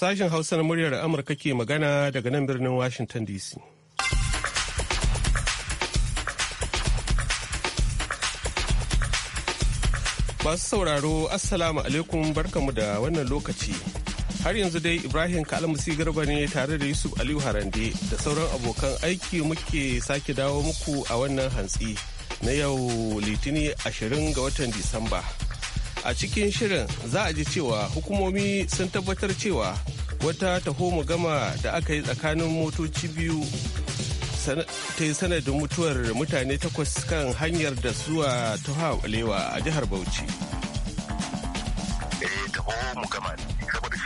Sashen Hausa na muryar Amurka ke magana daga nan birnin Washington DC. Masu sauraro, Assalamu alaikum barkamu da wannan lokaci. Har yanzu dai Ibrahim Kalmasi Garba ne tare da Yusuf Aliyu Harande da sauran abokan aiki muke sake dawo muku a wannan hantsi na yau Litini 20 ga watan Disamba. a cikin shirin za a ji cewa hukumomi sun tabbatar cewa wata taho mu gama da aka yi tsakanin motoci biyu ta yi sanadin mutuwar mutane takwas kan hanyar da zuwa taha a jihar bauchi. Eh, taho gama saboda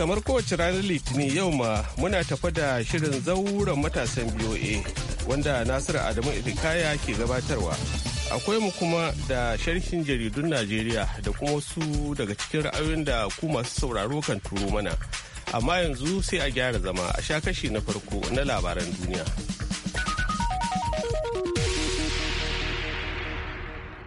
kamar kowace ranar litinin yau ma muna tafa da shirin zauren matasan BOA wanda Nasiru Adamu Idikaya ke gabatarwa. Akwai mu kuma da sharhin jaridun Najeriya da kuma wasu daga cikin ra'ayoyin da ku masu sauraro kan turo mana. Amma yanzu sai a gyara zama a sha kashi na farko na labaran duniya.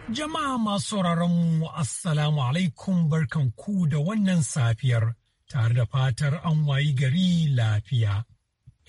Jama'a masu sauraron mu Assalamu alaikum barkan ku da wannan safiyar. tare da fatar an wayi gari lafiya.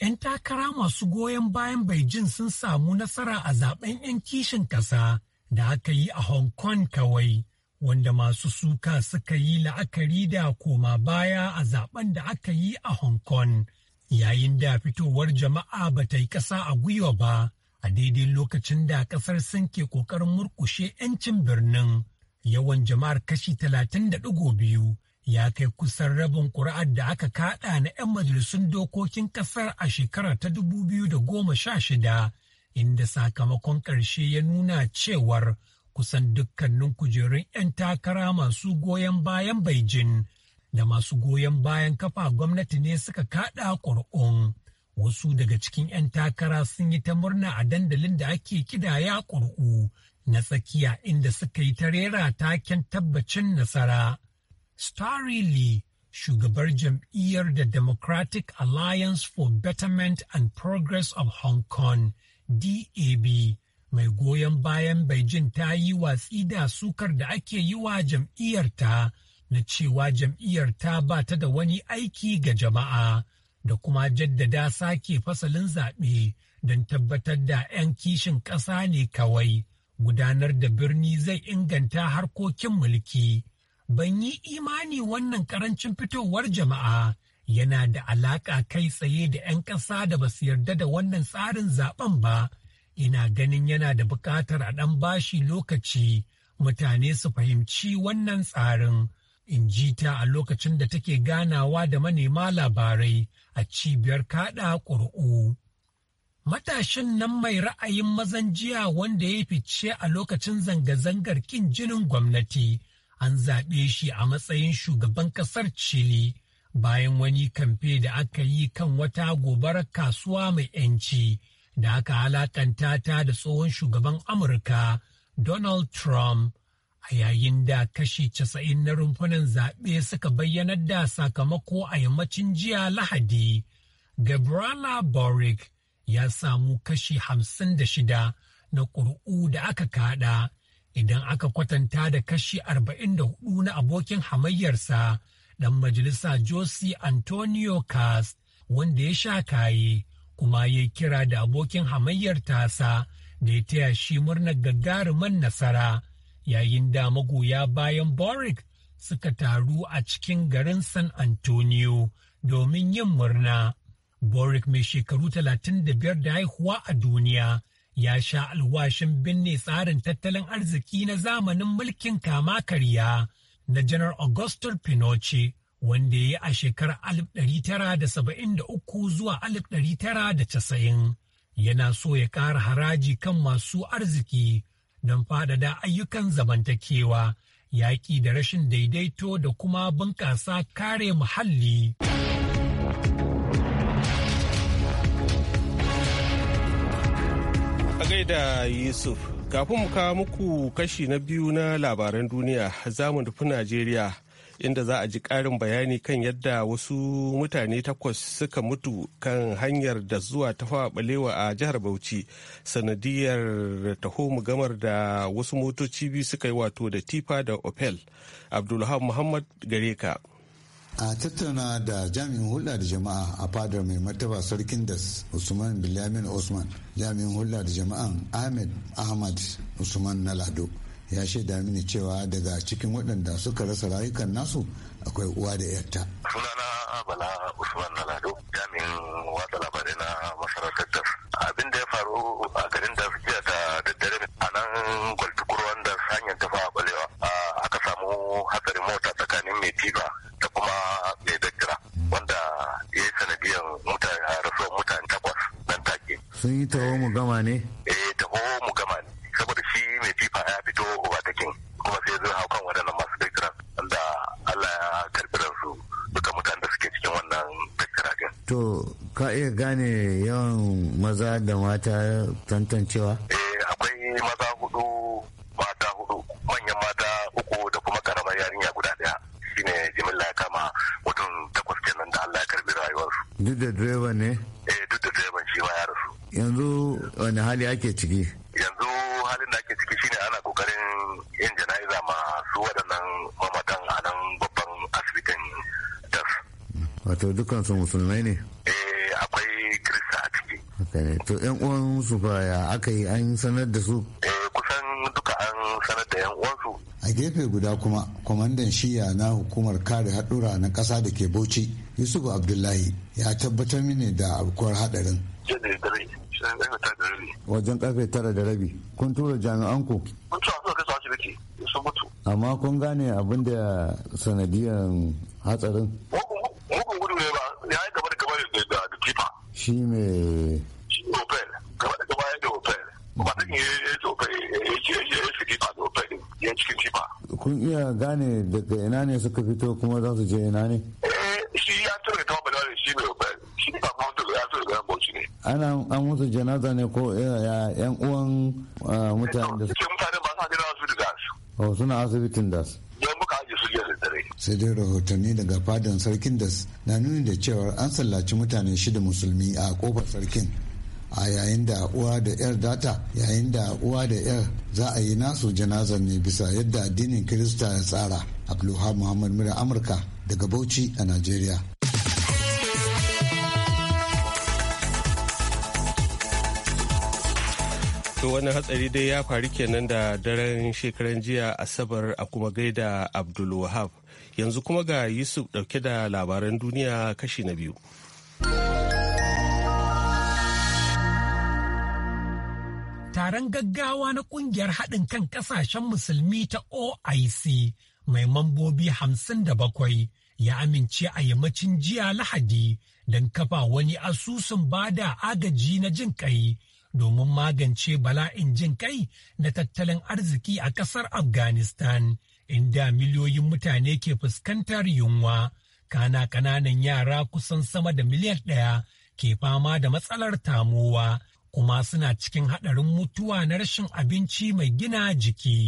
'Yan takara masu goyon bayan Beijing sun samu nasara a zaben 'yan kishin ƙasa da aka yi a Hong Kong kawai, wanda masu suka suka yi la'akari da koma baya a zaben da aka yi a Hong Kong, yayin da fitowar jama'a ba ta yi ƙasa a gwiwa ba. a daidai lokacin da ƙasar sun ke kokarin murkushe 'yancin birnin yawan jama'ar kashi 30.2 ya kai kusan rabin ƙuri'ar da aka kaɗa na 'yan majalisun dokokin ƙasar a shekara ta 2016 inda sakamakon ƙarshe ya nuna cewar kusan dukkanin kujerun 'yan takara masu goyon bayan Beijing da masu goyon bayan kafa gwamnati ne suka kaɗa ƙuri'un. Wasu daga cikin 'yan takara sun yi ta murna a dandalin da ake kidaya ƙuri'u na tsakiya inda suka yi ta rera taken tabbacin nasara. Starry Lee, shugabar jam'iyyar da Democratic Alliance for Betterment and Progress of Hong Kong, DAB, mai goyon bayan Beijing ta yi watsi da sukar da ake yi wa jam'iyyarta na cewa jam'iyyarta ba ta da wani aiki ga jama'a da kuma jaddada sake fasalin zaɓe don tabbatar da 'yan kishin ƙasa ne kawai gudanar da birni zai inganta harkokin mulki. ban yi imani wannan karancin fitowar jama'a yana da alaƙa kai tsaye da 'yan ƙasa da ba su yarda da wannan tsarin zaben ba ina ganin yana da buƙatar a ɗan bashi lokaci mutane su fahimci wannan tsarin in ji ta a lokacin da take ganawa da manema labarai a cibiyar kaɗa ƙuri'u. Matashin nan mai ra'ayin mazan jiya wanda ya fice a lokacin zanga-zangar kin jinin gwamnati an zaɓe shi a matsayin shugaban ƙasar Chile bayan wani kamfe da aka yi kan wata gobarar kasuwa mai 'yanci da aka halakanta ta da tsohon shugaban Amurka Donald Trump a yayin da kashi casa'in na rumfunan zaɓe suka bayyana da sakamako a yammacin jiya Lahadi. Gabriela Boric ya samu kashi hamsin da shida na ƙuri'u da aka kaɗa. idan aka kwatanta da kashi hudu na abokin hamayyarsa ɗan majalisa Jose Antonio Cas wanda ya sha kaye kuma ya kira da abokin hamayyar tasa da ya taya shi murnar gagarumin nasara yayin da magoya bayan Boric suka taru a cikin garin San Antonio domin yin murna. Boric mai shekaru 35 da haihuwa a duniya ya sha alwashin binne tsarin tattalin arziki na zamanin mulkin kama karya na janar Augusto Pinochet wanda ya yi a shekarar 1973 zuwa 1990 yana so ya ƙara haraji kan masu arziki don faɗaɗa ayyukan zamantakewa yaƙi da rashin daidaito da kuma bunƙasa kare muhalli. A gaida Yusuf, kafin mu kawo muku kashi na biyu na labaran duniya za mu nufi Najeriya inda za a ji ƙarin bayani kan yadda wasu mutane takwas suka mutu kan hanyar da zuwa ta balewa a jihar Bauchi sanadiyar taho gamar da wasu motoci biyu suka yi wato da tifa da Opel. Abdulham Muhammad Gareka. a tattauna da jami'in hulɗa da jama'a a fadar mai martaba sarkin das usman bilyamin usman jami'in hulɗa da jama'an ahmed ahmad usman na lado ya shaida mini cewa daga cikin waɗanda suka rasa rayukan nasu akwai uwa da yarta sunana bala usman na lado jami'in gane yawan maza da mata tantancewa? Eh akwai maza hudu mata hudu manyan mata uku da kuma karamar yarinya guda daya shine jimilla ya kama mutum takwas kenan da Allah ya karbi rayuwarsu. Duk da direba ne? Eh duk da direban shi ma ya rasu. Yanzu wani hali ake ciki? Yanzu halin da ake ciki shine ana kokarin yin jana'iza masu waɗannan mamatan a nan babban asibitin das. Wato dukansu musulmai ne? to yan uwan su ba ya aka yi an sanar da su eh, kusan duka an sanar da yan uwansu a gefe guda kuma kwamandan shiya na hukumar kare haɗura na ƙasa da ke bauchi yusuf abdullahi ya tabbatar mini da aukuwar haɗarin wajen karfe tara da rabi kun tura jami'an ku kun tura su kai su asibiti sun mutu amma kun gane abin da sanadiyar hatsarin mugun gudu ne ba ya yi gaba da gaba da tifa shi mai gane daga ina ne suka fito kuma za su je ina ne? Eh, shi ya tura ta wabala ne shi bai wabala shi ba kuma tura ya tura ga bauchi ne. ana an musu janaza ne ko eh, yan uwan eh, mutane da su. ce mutane ba sa gina asibiti da su. oh suna asibitin da su. don muka ajiye su jiya da dare. sai dai rahotanni daga fadan sarkin da na nuni da cewar an sallaci mutane shida musulmi a kofar sarkin a yayin da uwa da yar data yayin da uwa da yar za a yi nasu janazar ne bisa yadda addinin kirista ya tsara abdulhamid muhammad mura amurka daga bauchi a najeriya to wani hatsari dai ya faru kenan da daren shekaran jiya asabar a kuma gaida abdulwahab yanzu kuma ga yusuf dauke da labaran duniya kashi na biyu taron gaggawa na kungiyar haɗin kan ƙasashen musulmi ta OIC mai mambobi hamsin da bakwai ya amince a yammacin jiya lahadi don kafa wani asusun bada agaji na jin kai domin magance bala'in jin kai na tattalin arziki a ƙasar Afghanistan inda miliyoyin mutane ke fuskantar yunwa kana kananan yara kusan sama da miliyan ɗaya ke fama da matsalar tamowa. kuma suna cikin haɗarin mutuwa na rashin abinci mai gina jiki.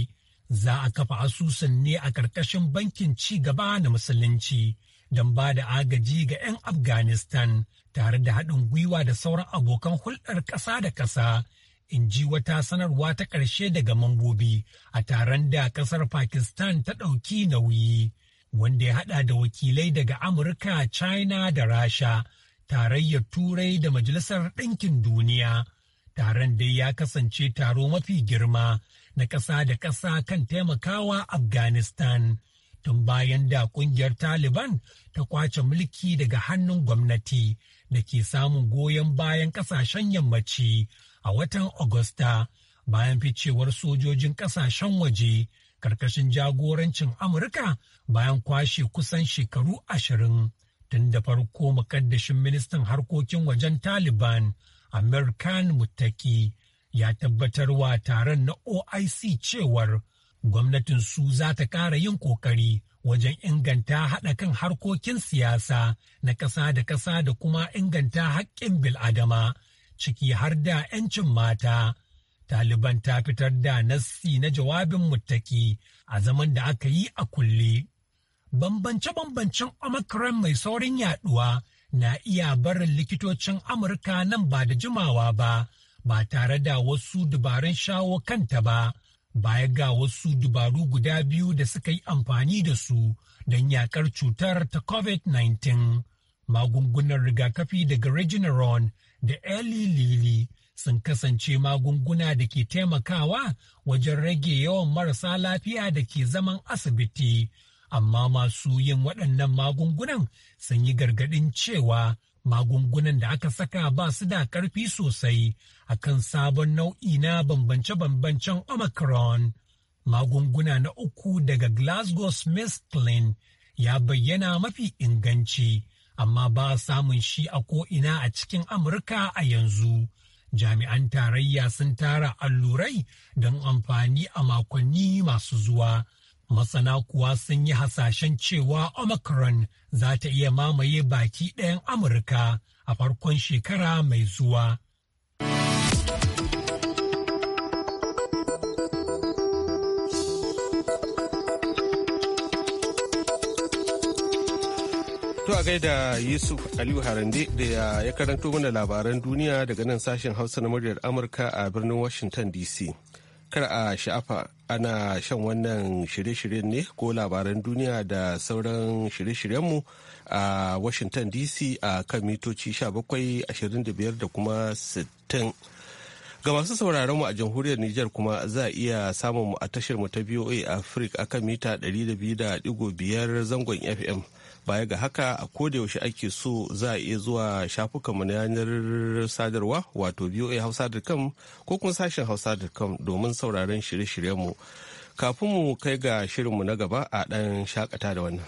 Za a kafa asusun ne a ƙarƙashin bankin ci gaba na musulunci don ba da agaji ga 'yan Afghanistan tare da haɗin gwiwa da sauran abokan hulɗar ƙasa da ƙasa. in ji wata sanarwa ta ƙarshe daga mambobi a taron da ƙasar Pakistan ta ɗauki nauyi, wanda ya haɗa da wakilai daga Amurka, China da Rasha, tarayyar Turai da Majalisar Ɗinkin Duniya, Taron dai ya kasance taro mafi girma na ƙasa da ƙasa kan taimakawa Afghanistan tun bayan da ƙungiyar Taliban ta kwace mulki daga hannun gwamnati da ke samun goyon bayan ƙasashen yammaci a watan Agusta bayan ficewar sojojin ƙasashen waje ƙarƙashin jagorancin Amurka bayan kwashe kusan shekaru ashirin tun da farko makaddashin ministan harkokin wajen Taliban. American mutaki ya tabbatarwa taron na OIC cewar gwamnatin su za ta ƙara yin ƙoƙari wajen inganta haɗa kan harkokin siyasa na ƙasa da ƙasa da kuma inganta haƙƙin bil'adama ciki har da 'yancin mata. Taliban ta fitar da nassi na jawabin mutaki a zaman da aka yi a kulle. Bambance-bambancen Omicron mai saurin yaduwa na iya barin likitocin Amurka nan ba da jimawa ba, ba tare da wasu dabarun shawo kanta ba, ba ya ga wasu dabaru guda biyu da suka yi amfani da su don yakar cutar ta COVID-19. Magungunan rigakafi daga Regeneron da Eli Lilly sun kasance magunguna da ke taimakawa wajen rage yawan marasa lafiya da ke zaman asibiti amma masu yin waɗannan magungunan sun yi gargaɗin cewa magungunan da aka saka ba su da ƙarfi sosai a kan sabon nau'i na bambance-bambancen omicron magunguna na uku daga glasgow smith ya bayyana mafi inganci amma ba samun shi a ko'ina a cikin amurka a yanzu jami'an tarayya sun tara allurai don amfani a makonni masu zuwa Masana kuwa sun yi hasashen cewa Omicron za ta iya mamaye baki ɗayan Amurka a farkon shekara mai zuwa. To a gaida Yusuf Aliyu Harande da ya karanto mana labaran duniya daga nan sashen Hausa na muryar Amurka a birnin Washington DC. kar a sha'afa ana shan wannan shirye-shiryen ne ko labaran duniya da sauran shirye-shiryenmu a washington dc a kan mitoci 1725 da kuma 60 ga masu sauraron mu a jamhuriyar niger kuma za a iya samun mu a tashar mu ta voa africa akan mita 200.5 zangon fm baya ga haka a kodayaushe ake so za a iya zuwa shafukanmu na yanar sadarwa wato voahausa.com ko kuma sashen hausa.com domin sauraron shirye-shiryenmu kafin mu kai ga shirinmu na gaba a ɗan shakata da wannan.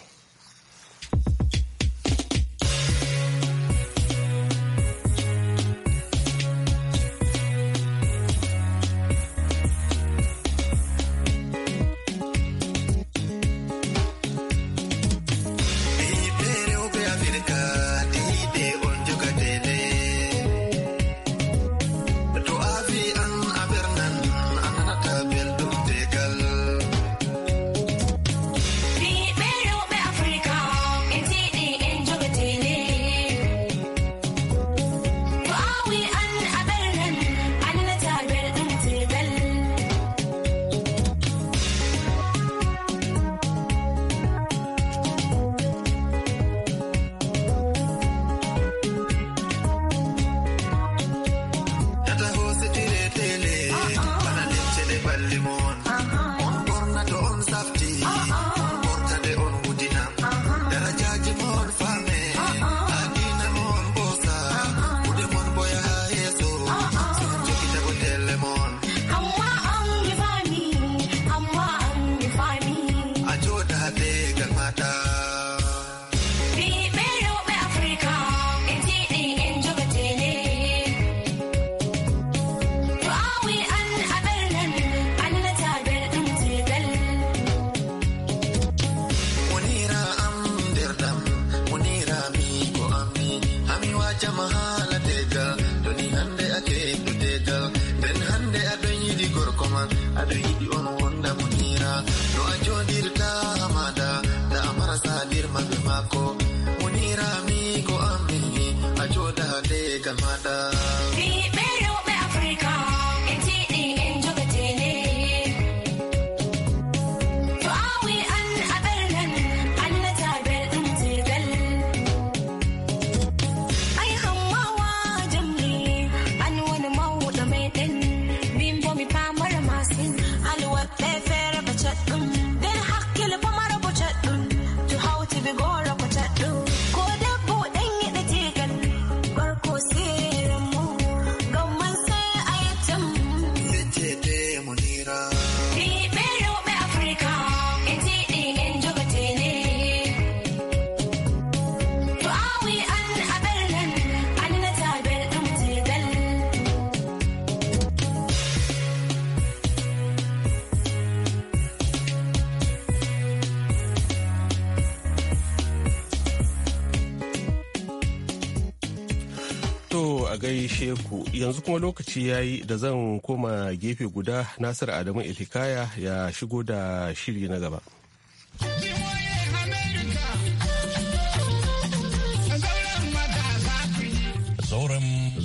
yanzu kuma lokaci ya yi da zan koma gefe guda Nasir Adamu Ilhikaya ya shigo da shiri na gaba.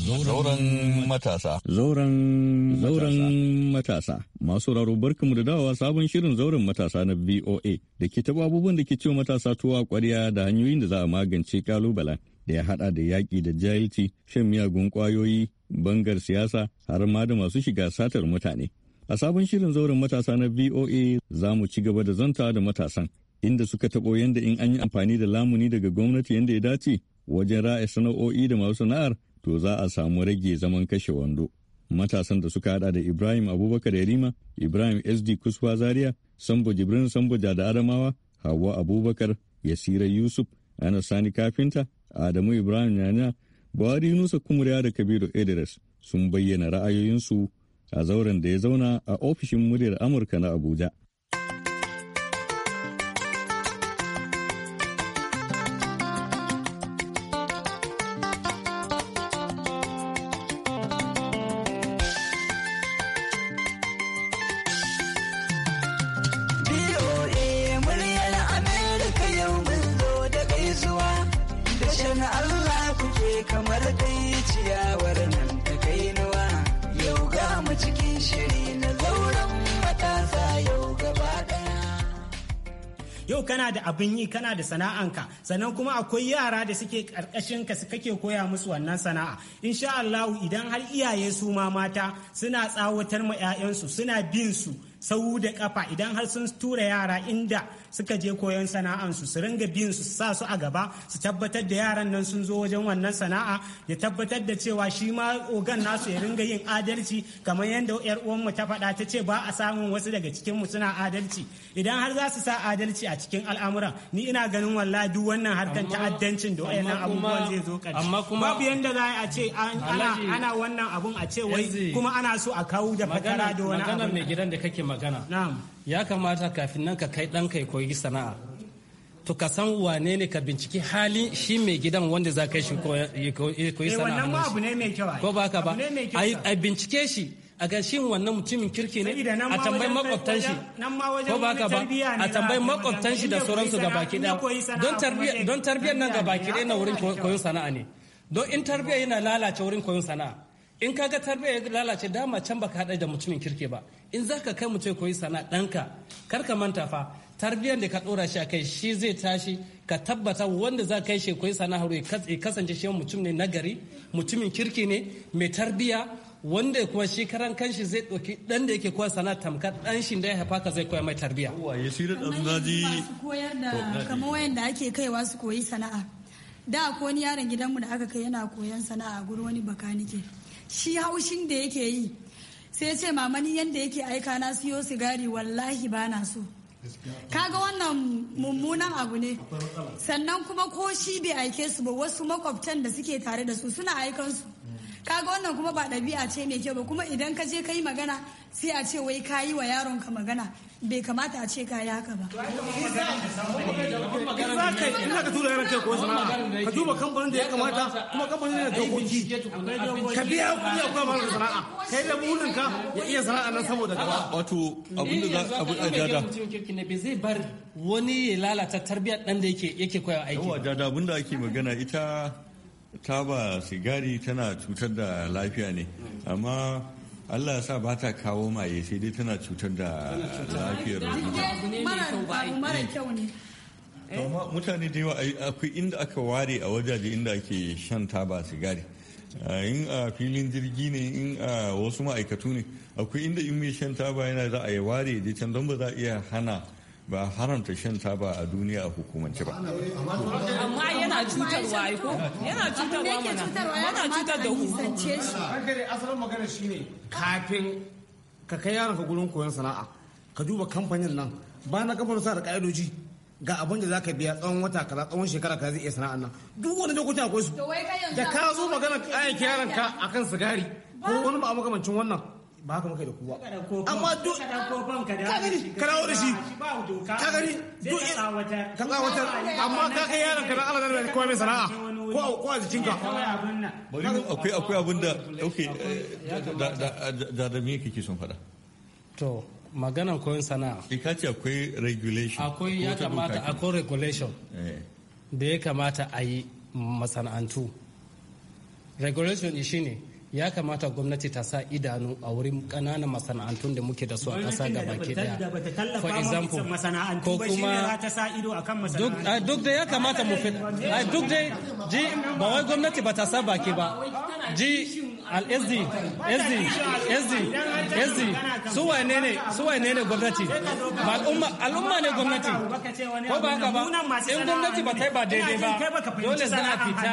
Zauren matasa. Zauren matasa. Masu raro barkamu da dawowa sabon shirin zauren matasa na VOA da ke taɓa abubuwan da ke ciwo matasa tuwa kwarya da hanyoyin da za a magance ƙalubalen. da ya hada da yaƙi da jahilci shan miyagun ƙwayoyi bangar siyasa har ma da masu shiga satar mutane a sabon shirin zauren matasa na voa za mu ci gaba da zanta da matasan inda suka taɓo yadda in an yi amfani da lamuni daga gwamnati yadda ya dace wajen ra'ayi sana'o'i da masu sana'ar to za a samu rage zaman kashe wando. Matasan da suka hada da Ibrahim Abubakar Yarima, Ibrahim SD Kuswa Zaria, Sambo Jibrin Sambo da Adamawa, hawa Abubakar, Yasira Yusuf, Ana Sani Kafinta, Adamu Ibrahim Yana, Buhari Yunusa Kumriya da Kabiru Edires sun bayyana ra'ayoyinsu a zauren da ya zauna a ofishin muryar Amurka na Abuja. abin yi kana da sana'anka sannan kuma akwai yara da suke karkashin ka su kake koya musu wannan sana'a insha Allah idan har iyaye su ma mata suna tsawatar ma 'ya'yansu suna bin su sau da kafa idan har sun tura yara inda suka je koyon sana'ansu su ringa bin su sa su a gaba su tabbatar da yaran nan sun zo wajen wannan sana'a ya tabbatar da cewa shi ma ogan nasu ya ringa yin adalci kamar yadda yar uwanmu ta faɗa ta ce ba a samun wasu daga cikin mu suna adalci idan har za su sa adalci a cikin al'amuran ni ina ganin walla duk wannan harkan ta'addancin da wayannan abubuwan zai zo ƙarshe babu yanda za a ce ana wannan abun a ce wai kuma ana so a kawo da fatara da wani abu magana mai gidan da kake magana ya kamata kafin nan ka kai ɗanka ya koyi sana'a to ka san wane ne ka binciki hali shi mai gidan wanda za ka shi koyi eh, sana'a wannan ko ba ka ba a bincike shi a ga shin wannan mutumin kirki ne a tambayi makwabtan shi ko ba ka ba a tambayi makwabtan shi da sauransu ga baki ɗaya don tarbiyyar nan ga baki daya na wurin koyon sana'a ne don in tarbiyyar yana lalace wurin koyon sana'a in ka ga tarbiyya ya lalace dama can baka haɗa da mutumin kirki ba in zaka kai mutum koyi sana ɗanka kar ka manta fa tarbiyyar da ka ɗora shi a kai shi zai tashi ka tabbata wanda za kai shi koyi sana'ar ya kasance shi mutum ne nagari mutumin kirki ne mai tarbiyya wanda kuma shi karan kanshi zai ɗauki ɗan da yake koya sana tamkar ɗan shi da ya haifa ka zai koya mai tarbiyya. Waye shi da ɗan zaji. koyar da kamar wayanda ake kaiwa su koyi sana'a. Da ko wani yaron gidanmu da aka kai yana koyan sana'a gurin wani baka nike. shi haushin da yake yi sai ce mamani yadda yake aika na siyo sigari wallahi ba na so kaga wannan mummunan abu ne sannan kuma ko shi bai aike su ba wasu makwabtan da suke tare da su suna aikansu kaga wannan kuma ba ɗabi'a ce mai kyau ba kuma idan ka je ka yi magana sai a ce wai ka yi wa yaron ka magana bai kamata a ce ka yi haka ba. Ina ka tura yaron kai ko sana'a ka duba kamfanin da ya kamata kuma kamfanin da dokoki ka biya kuɗi a kuma mara sana'a ka yi da burin ka ya iya sana'a nan saboda gaba. Wato abin da za a bi a dada. Bai zai bar wani ya lalata tarbiyyar ɗan da yake koya aiki. Yawa dada abin da ake magana ita taba sigari tana cutar da lafiya ne amma Allah sa ba ta kawo maye sai dai tana cutar da lafiyar kyau mutane da yawa akwai inda aka ware a wajaje inda ake shan taba sigari in a filin jirgi ne in a wasu ma'aikatu ne akwai inda in mai shan taba yana za a yi ware da can don ba za a iya hana ba haramta shan taba a duniya a hukumance ba. Amma yana cutarwa ko? Yana cutarwa mana. Yana cutar da hukumance. Hankali asalin magana ne kafin ka kai yaron ka gurin koyon sana'a ka duba kamfanin nan ba na kamfanin sa da ka'idoji ga abin da zaka biya tsawon wata kaza tsawon shekara kaza zai iya sana'an nan duk wani lokuta akwai su da ka zo magana ayyuka yaron ka akan sigari ko wani ba makamancin wannan ba haka muka da kowa amma duk ka gani ka dawo shi ka duk ka tsawatar amma ka yaron ka na Allah da kowa mai sana'a ko ko a jikinka bari akwai akwai abin da okay eh, da da me kake son faɗa to maganan koyon sana'a eh, ka ce akwai regulation akwai ya kamata akwai regulation eh. da ya kamata a yi masana'antu regulation shi ne ya kamata gwamnati ta sa idanu a wurin ƙananan masana'antun da muke da su a ƙasa ga baki daya for example ko kuma duk da ya kamata mu fi duk da ji ba wai gwamnati ba ta sa baki ba ji al-sd sd sd su wane ne su wane ne gwamnati ba al'umma al'umma ne gwamnati ko ba haka ba in gwamnati ba ta ba daidai ba dole za a fita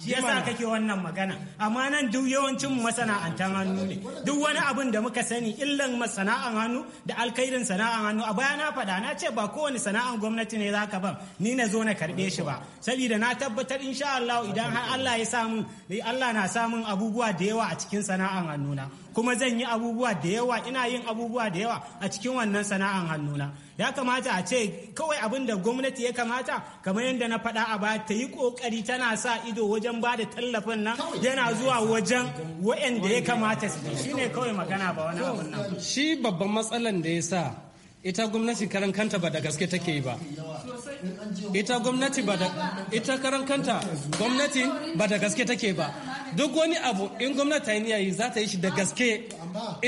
shi yasa kake wannan magana amma nan duk yawancin masana'antan hannu ne duk wani abin da muka sani illan masana'an hannu da alkairin sana'an hannu a baya na faɗa na ce ba kowane sana'an gwamnati ne zaka ban ni na zo na karɓe shi ba saboda na tabbatar insha Allah idan har Allah ya samu Allah na samun abubuwa da yawa yawa a cikin sana'an hannuna kuma zan yi abubuwa da yawa ina yin abubuwa da yawa a cikin wannan sana'an hannuna ya kamata a ce kawai abin da gwamnati ya kamata kamar yadda na faɗa a baya ta yi ƙoƙari tana sa ido wajen ba da tallafin nan yana zuwa wajen wa'anda ya kamata su ne kawai magana ba wani abin nan shi babban matsalan da ya sa ita gwamnati karan kanta ba da gaske take yi ba ita gwamnati ba da ita karan kanta gwamnati ba da gaske take ba duk wani abu in gwamnati ta yi za ta yi shi da gaske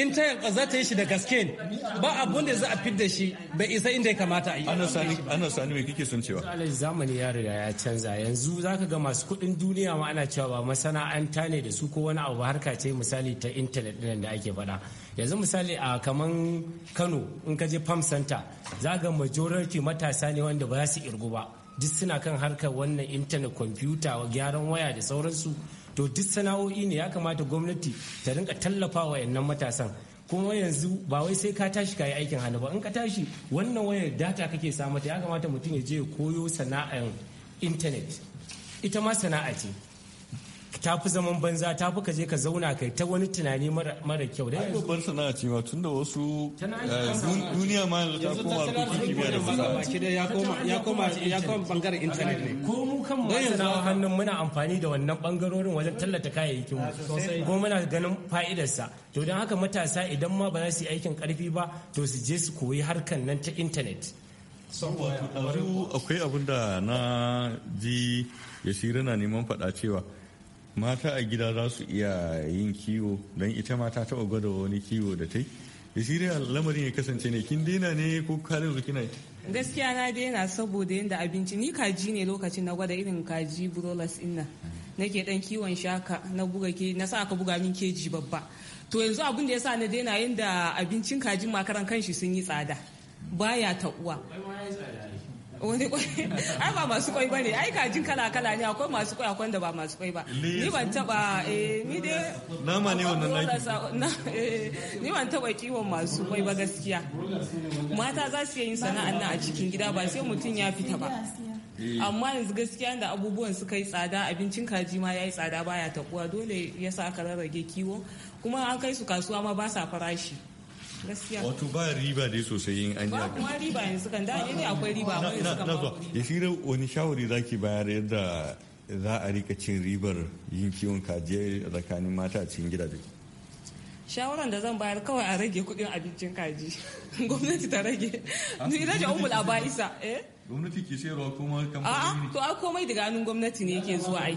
in ta yanka za ta yi shi da gaske ba abun da za a fidda shi bai isa inda ya kamata a yi ana sani me kike son cewa alal zamani ya riga ya canza yanzu zaka ga masu kuɗin duniya ma ana cewa ba masana'anta ne da su ko wani abu harka ce misali ta intanet ɗin da ake faɗa yanzu misali a kaman kano in ka je farm center za ga majority matasa ne wanda ba za su irgu ba duk suna kan harkar wannan intanet kwamfuta gyaran waya da sauransu to duk sana'o'i ne ya kamata gwamnati ta rinka tallafa wa yannan matasan kuma yanzu ba wai sai ka tashi ka yi aikin hannu ba in ka tashi wannan wayar data kake samu ta ya kamata mutum ya je koyo sana'ar intanet ita ma sana'a ce ta fi zaman banza ta fi ka je ka zauna kai ta wani tunani mara kyau da yanzu babbar sana'a ce ma tunda wasu eh, duniya ma yanzu ta koma harkokin kimiyya da fasaha baki ya koma ya koma ya koma bangaren internet ne ko mu kan mu sana'a hannun muna amfani da wannan bangarorin wajen tallata kayayyakin mu ah, ko muna ganin fa'idarsa to dan haka matasa idan ma ba za su yi aikin karfi ba to su je su koyi harkan nan ta intanet akwai abin da na ji ya shirya na neman faɗa cewa mata a gida za su iya yin kiwo don ita ma ta taɓa gwada wani kiwo da ta yi da shi dai lamarin ya kasance ne kin daina ne ko karin su kina gaskiya na daina saboda yadda abinci ni kaji ne lokacin na gwada irin kaji brolas inna nake dan kiwon shaka na buga ke na sa aka buga min keji babba to yanzu abin da yasa na daina yadda abincin kajin makaran kanshi sun yi tsada baya ta uwa wani ai ba masu kwai bane ai kajin kala kala ne akwai masu kwai akwai da ba masu kwai ba ni ban taba eh ni dai nama ne wannan eh, ni ban taba kiwon masu kwai ba gaskiya mata za su yi sana'an nan a cikin gida ba sai mutum ya fita ba eh. amma yanzu gaskiya da abubuwan suka yi tsada abincin kaji ma ya yi tsada baya takuwa dole ya sa aka rarrage kiwo kuma an kai su kasuwa ma ba sa farashi gaskiya wato ba riba dai sosai yin an yi ba kuma riba yanzu kan da ne akwai riba amma yanzu kan ba ya shirin wani shawari zaki bayar yadda za a rika cin ribar yin kiwon kaji tsakanin mata a cikin gidaje shawaran da zan bayar kawai a rage kudin abincin kaji gwamnati ta rage ni rage umul abaisa eh gwamnati ke sayarwa ne? to a komai daga hannun gwamnati ne yake zuwa ai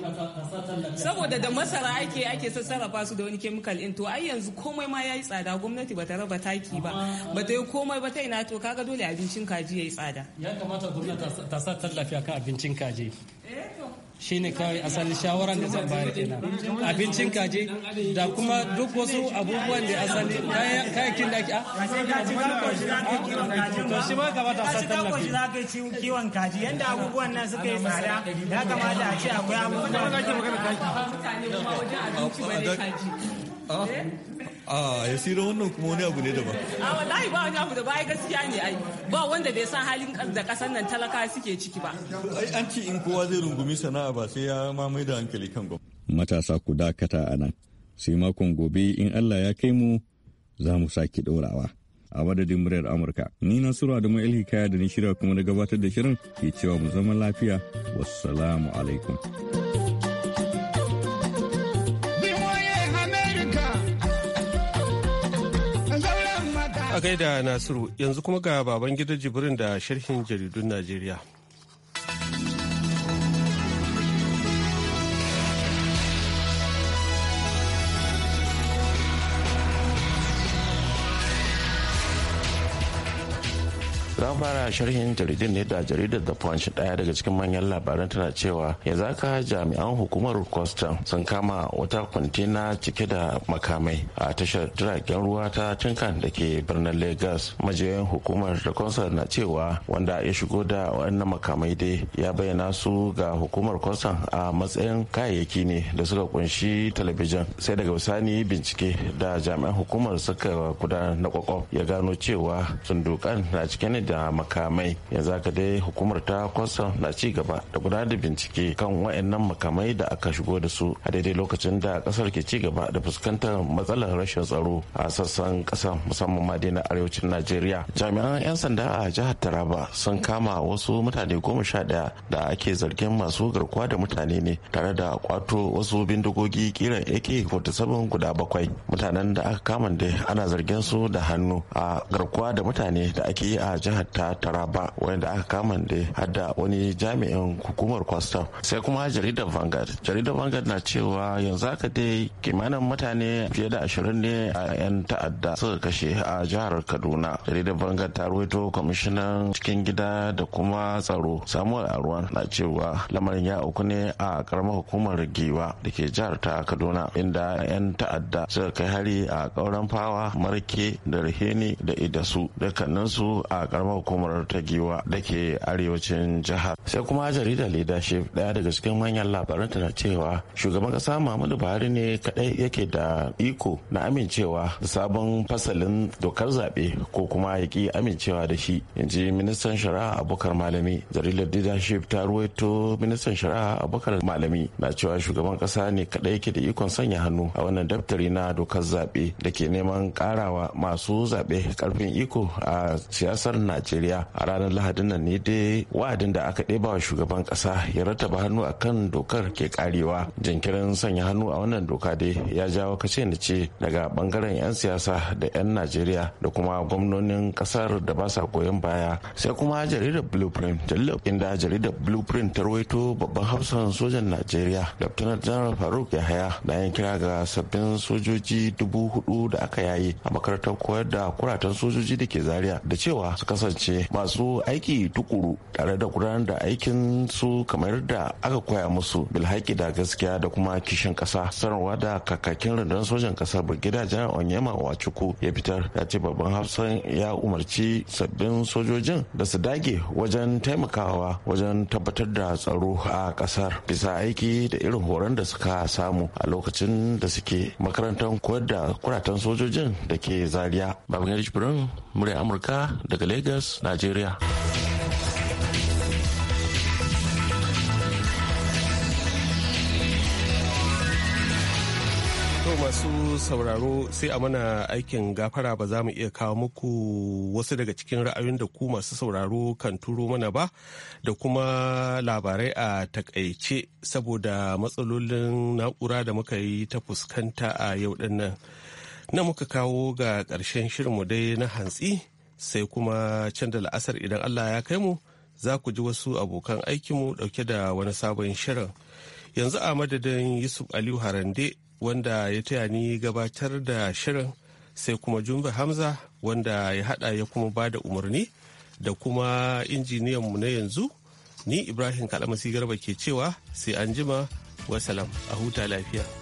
saboda da masara ake ake sassarafa su da wani chemical din to ai yanzu komai ma yayi tsada gwamnati bata raba taki ba bata yi komai ba ta ina to kaga dole abincin kaji yayi tsada ya kamata gwamnati ta sa tallafi akan abincin kaji eh to shine kawai asalin shawaran da zan bayar kenan abincin kaji da kuma duk wasu abubuwan da asali kayakin da ake ah, a ah, to shi ma kamata san tallafi za ka ci kiwon kaji yanda abubuwan nan suka yi tsada ya kamata a ce akwai abubuwan da ake magana kaji ah, eh? a ya sira wannan kuma wani abu ne daban a wallahi ba wani abu da ba gaskiya ne ai ba wanda bai san halin da kasar nan talaka suke ciki ba ai an ce in kowa zai rungumi sana'a ba sai ya mamaye da hankali kan gwamnati matasa ku dakata a nan sai makon gobe in Allah ya kai mu za mu sake ɗorawa. A madadin muryar Amurka, ni Nasiru Adamu Hikaya da ni shirya kuma na gabatar da shirin ke cewa mu zama lafiya. Wassalamu alaikum. A gaida Nasiru yanzu kuma ga baban gidan jibrin da sharhin jaridun Najeriya. fara sharhin jaridin ne da jaridar da punch daya daga cikin manyan labaran tana cewa ya zaka jami'an hukumar kwastam sun kama wata kwantena cike da makamai a tashar jiragen ruwa ta tinkan da ke birnin lagos majiyoyin hukumar da kwastam na cewa wanda ya shigo da wannan makamai dai ya bayyana su ga hukumar kwastam a matsayin kayayyaki ne da suka kunshi talabijin sai daga bisani bincike da jami'an hukumar suka gudana na kwakwaf ya gano cewa sundukan na cike ne da makamai yanzu haka dai hukumar ta kwasa na ci gaba da gudanar da bincike kan wayannan makamai da aka shigo da su a daidai lokacin da kasar ke ci gaba da fuskantar matsalar rashin tsaro a sassan kasa musamman ma dai na arewacin najeriya jami'an 'yan sanda a jihar taraba sun kama wasu mutane goma sha daya da ake zargin masu garkuwa da mutane ne tare da kwato wasu bindigogi kiran ak-47 guda bakwai mutanen da aka kama dai ana zargin su da hannu a garkuwa da mutane da ake yi a jihar ta taraba wanda aka kama da hada wani jami'in hukumar kwastam sai kuma jaridar vangard jaridar vangard na cewa yanzu haka dai kimanin mutane fiye da ashirin ne a 'yan ta'adda suka kashe a jihar kaduna jaridar vangard ta ruwaito kwamishinan cikin gida da kuma tsaro samuel arwan na cewa lamarin ya uku ne a karamar hukumar giwa da ke jihar ta kaduna inda 'yan ta'adda suka kai hari a kauran fawa marke da raheni da idasu dukkaninsu a karamar hukumar ta giwa da ke arewacin jihar sai kuma jaridar leadership daya daga cikin manyan labaran na cewa shugaban kasa muhammadu buhari ne kadai yake da iko na amincewa da sabon fasalin dokar zaɓe ko kuma ya ki amincewa da shi in ji ministan shari'a abubakar malami jaridar leadership ta ruwaito ministan shari'a abubakar malami na cewa shugaban kasa ne kadai yake da ikon sanya hannu a wannan daftari na dokar zaɓe da ke neman karawa masu zaɓe karfin iko a siyasar najeriya najeriya a ranar lahadin nan ne dai wa'adin da aka ɗeba wa shugaban ƙasa ya rattaba hannu a kan dokar ke karewa jinkirin sanya hannu a wannan doka dai ya jawo kace ni ce daga bangaren 'yan siyasa da 'yan najeriya da kuma gwamnonin ƙasar da ba sa goyon baya sai kuma jaridar blueprint inda jaridar blueprint ta rawaito babban hafsan sojan najeriya lieutenant general faruk yahaya yan kira ga sabbin sojoji dubu hudu da aka yayi a makarantar koyar da kuratan sojoji da ke zaria da cewa su kasance kasance masu aiki tukuru tare da gudanar da aikin su kamar da aka koya musu bilhaki da gaskiya da kuma kishin kasa sanarwa da kakakin rundunar sojan kasar brigadier general onyema wachuku ya fitar ya ce babban hafsan ya umarci sabbin sojojin da su dage wajen taimakawa wajen tabbatar da tsaro a kasar bisa aiki da irin horon da suka samu a lokacin da suke makarantar koyar da kuratan sojojin da ke zaria babban yarjibirin murya amurka daga lagos Lagos, Najeriya. masu sauraro sai a mana aikin gafara ba za mu iya kawo muku wasu daga cikin ra'ayoyin da ku masu sauraro kan turo mana ba da kuma labarai a takaice saboda matsalolin na'ura da muka yi ta fuskanta a yau din nan. Na muka kawo ga ƙarshen shirinmu dai na hantsi sai kuma can da la'asar idan Allah ya kai mu za ku ji wasu abokan aikinmu dauke da wani sabon shirin. Yanzu a madadin Yusuf Aliyu Harande wanda ya taya ni gabatar da shirin sai kuma Jumbe Hamza wanda ya hada ya kuma ba da umarni da kuma mu na yanzu ni Ibrahim Kalamasi Garba ke cewa sai an jima wasalam a huta lafiya.